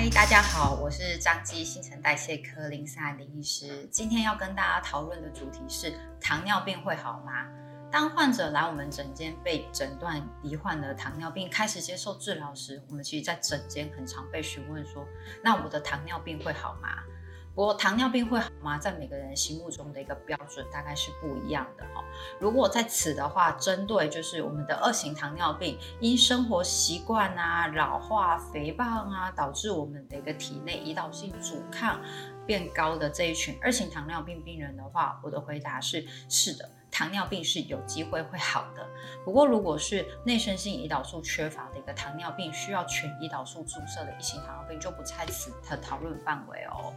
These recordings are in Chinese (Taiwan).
哎，Hi，大家好，我是彰基新陳代謝科林思涵林醫師。今天要跟大家討論的主題是：糖尿病會好嗎？當患者來我們診間被診斷罹患了糖尿病，開始接受治療時，我們其實在診間很常被詢問說：那我的糖尿病會好嗎？不過糖尿病會好嗎？在每個人心目中的一個標準大概是不一樣的哦。如果在此的話，針對就是我們的二型糖尿病，因生活習慣啊、老化、肥胖啊，導致我們的一個體內胰島性阻抗變高的這一群二型糖尿病病病人的話，我的回答是，是的，糖尿病是有機會會好的。不過如果是內生性胰島素缺乏的一個糖尿病，需要全胰島素注射的一型糖尿病就不在此的討論範圍哦。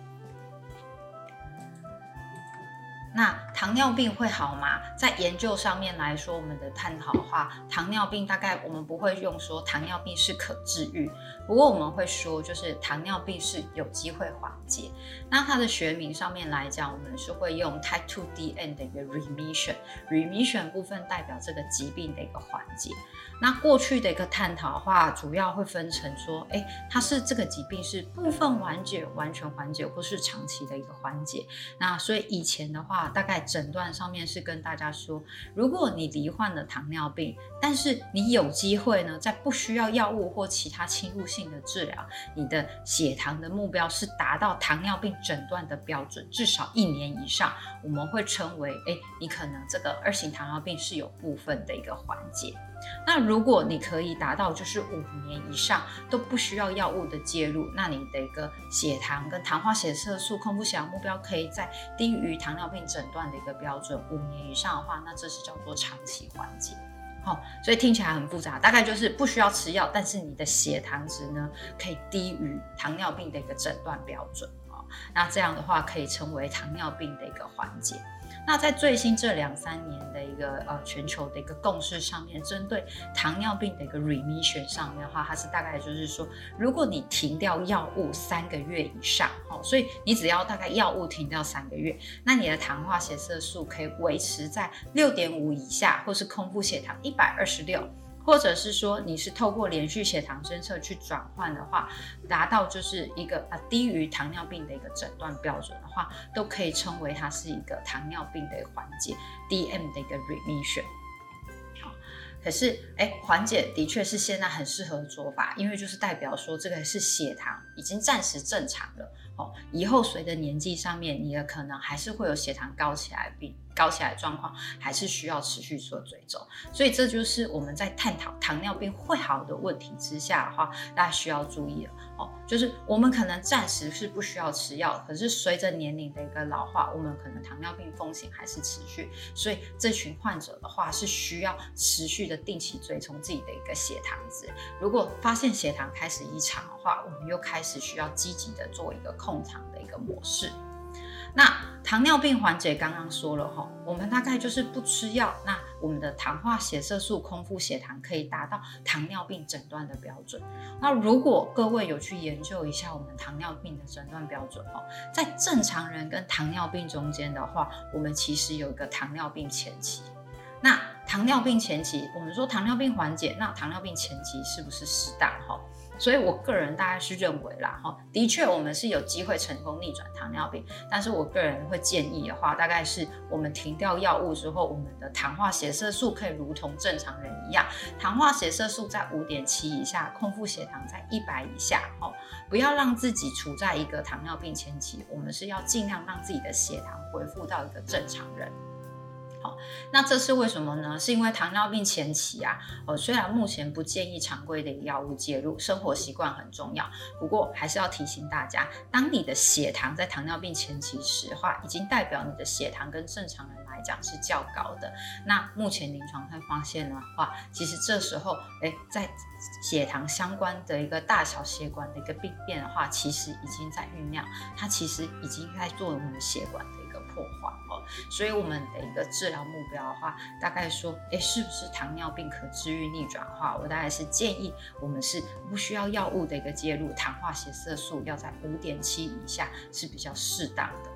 那糖尿病會好嗎？在研究上面來說，我們的探討的話，糖尿病大概我們不會用說糖尿病是可治癒，不過我們會說，就是糖尿病是有機會緩解。那它的學名上面來講，我們是會用 type 2 DM 的一個 remission。remission 部分代表這個疾病的一個緩解。那過去的一個探討的話，主要會分成說，哎，它是這個疾病是部分緩解、完全緩解，或是長期的一個緩解。那所以以前的話，大概診斷上面是跟大家說，如果你罹患了糖尿病，但是你有機會呢，在不需要藥物或其他侵入性的治療，你的血糖的目標是達到糖尿病診斷的標準，至少一年以上，我們會稱為，哎，你可能這個二型糖尿病是有部分的一個緩解。那如果你可以達到就是五年以上都不需要藥物的介入，那你的一個血糖跟糖化血色素、空腹血糖目標可以在低於糖尿病診斷的一個標準五年以上的話，那這是叫做長期緩解。好、哦，所以聽起來很複雜，大概就是不需要吃藥，但是你的血糖值呢，可以低於糖尿病的一個診斷標準啊、哦，那這樣的話可以成為糖尿病的一個緩解。那在最新這兩三年的一個呃全球的一個共識上面，針對糖尿病的一個 remission 上面的話，它是大概就是說，如果你停掉藥物三個月以上，哈、哦，所以你只要大概藥物停掉三個月，那你的糖化血色素可以維持在六點五以下，或是空腹血糖一百二十六，或者是說你是透過連續血糖偵測去轉換的話，達到就是一個啊低於糖尿病的一個診斷標準的話，都可以稱為它是一個糖尿病的一個緩解 （DM 的一個 remission）。好，可是哎，緩解的確是現在很適合的做法，因為就是代表說這個是血糖已經暫時正常了哦。以後隨着年紀上面，你的可能還是會有血糖高起來病。高起來狀況還是需要持續做追蹤，所以這就是我們在探討糖尿病會好的問題之下的話，大家需要注意了哦，就是我們可能暫時是不需要吃藥，可是隨着年齡的一個老化，我們可能糖尿病風險還是持續，所以這群患者的話是需要持續的定期追蹤自己的一個血糖值。如果發現血糖開始異常的話，我們又開始需要積極的做一個控糖的一個模式。那糖尿病緩解剛剛說了齁，我們大概就是不吃藥，那我們的糖化血色素、空腹血糖可以達到糖尿病診斷的標準。那如果各位有去研究一下我們糖尿病的診斷標準哦，在正常人跟糖尿病中間的話，我們其實有一個糖尿病前期。那糖尿病前期，我們說糖尿病緩解，那糖尿病前期是不是適當齁？所以，我個人大概是認為啦，哈，的確我們是有機會成功逆轉糖尿病。但是我個人會建議的話，大概是我們停掉藥物之後，我們的糖化血色素可以如同正常人一樣，糖化血色素在五點七以下，空腹血糖在一百以下，哦，不要讓自己處在一個糖尿病前期。我們是要盡量讓自己的血糖恢復到一個正常人。那這是為什麼呢？是因為糖尿病前期啊。哦，雖然目前不建議常規的藥物介入，生活習慣很重要。不過還是要提醒大家，當你的血糖在糖尿病前期時的話，話已經代表你的血糖跟正常人來講是較高的。那目前臨床上發現的話，其實這時候，誒、欸，在血糖相關的一個大小血管的一個病變的話，其實已經在醞釀，它其實已經在做我們的血管的。破壞哦，所以我們的一個治療目標的話，大概說，哎，是不是糖尿病可治癒、逆轉化？我大概是建議我們是不需要藥物的一個介入，糖化血色素要在五點七以下是比較適當的。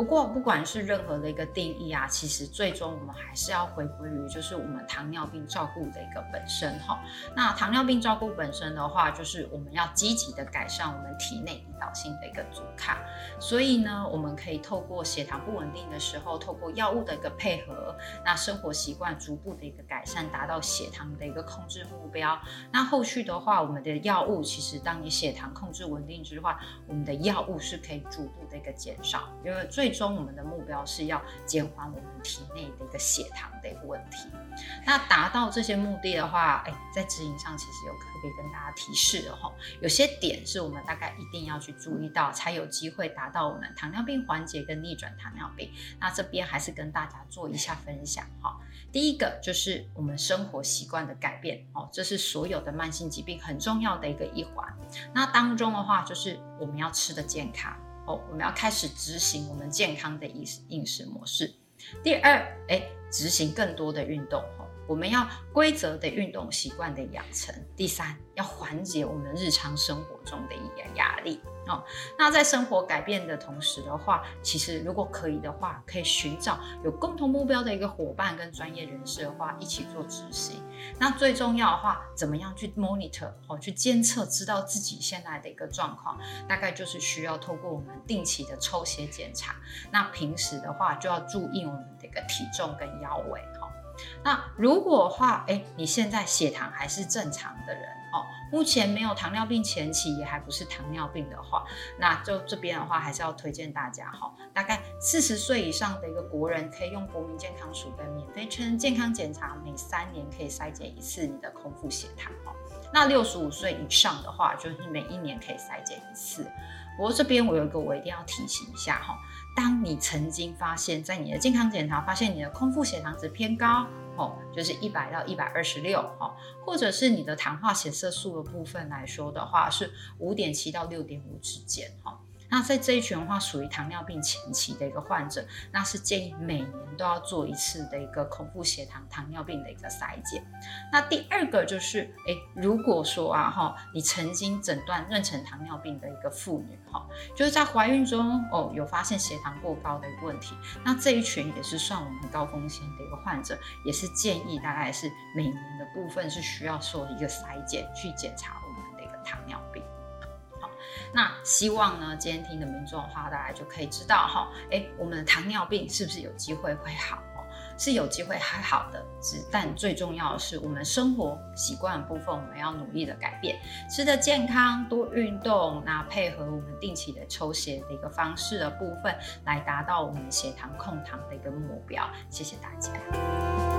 不過，不管是任何的一個定義啊，其實最終我們還是要回歸於就是我們糖尿病照顧的一個本身哈。那糖尿病照顧本身的話，就是我們要積極的改善我們體內胰島素的一個阻抗。所以呢，我們可以透過血糖不穩定的時候，透過藥物的一個配合，那生活習慣逐步的一個改善，達到血糖的一個控制目標。那後續的話，我們的藥物其實當你血糖控制穩定之後，我們的藥物是可以逐步的一個減少，因為最最終，我們的目標是要減緩我們體內的一個血糖的一個問題。那達到這些目的的話，誒、欸,在指引上其實有可以跟大家提示的吼,有些點是我們大概一定要去注意到,才有機會達到我們糖尿病緩解跟逆轉糖尿病。那這邊還是跟大家做一下分享哈。第一個就是我們生活習慣的改變,哦,這是所有的慢性疾病很重要的一個一環。那當中的話,就是我們要吃得健康。哦，我們要開始執行我們健康的飲食、飲食模式。第二，哎、欸，執行更多的運動。我們要規則的運動習慣的養成，第三要緩解我們日常生活中的一些壓力哦。那在生活改變的同時的話，其實如果可以的話，可以尋找有共同目標的一個夥伴跟專業人士的話，一起做執行。那最重要的話，怎麼樣去 monitor 哦，去監測知道自己現在的一個狀況，大概就是需要透過我們定期的抽血檢查。那平時的話，就要注意我們的一個體重跟腰圍。那如果的話，哎、欸，你現在血糖還是正常的人哦，目前沒有糖尿病前期，也還不是糖尿病的話，那就這邊的話還是要推薦大家哈，大概四十歲以上的一個國人可以用國民健康署的免費成人健康檢查，每三年可以篩檢一次你的空腹血糖。那六十五歲以上的話，就是每一年可以篩檢一次。不過這邊我有一個，我一定要提醒一下哈。當你曾經發現，在你的健康檢查發現你的空腹血糖值偏高，哦，就是一百到一百二十六，哦，或者是你的糖化血色素的部分來說的話，是五點七到六點五之間，哈、哦。那在這一群的話，屬於糖尿病前期的一個患者，那是建議每年都要做一次的一個空腹血糖糖尿病的一個篩檢。那第二個就是，哎、欸，如果說啊哈，你曾經診斷妊娠糖尿病的一個婦女哈，就是在懷孕中哦有發現血糖過高的一個問題，那這一群也是算我們高風險的一個患者，也是建議大概是每年的部分是需要做一個篩檢，去檢查我們的一個糖尿病。那希望呢，今天聽的民眾的話，大家就可以知道吼，誒，我們的糖尿病是不是有機會會好？是有機會還好的，但最重要的是，我們生活習慣的部分，我們要努力的改變，吃的健康，多運動，那配合我們定期的抽血的一個方式的部分，來達到我們血糖控糖的一個目標。謝謝大家。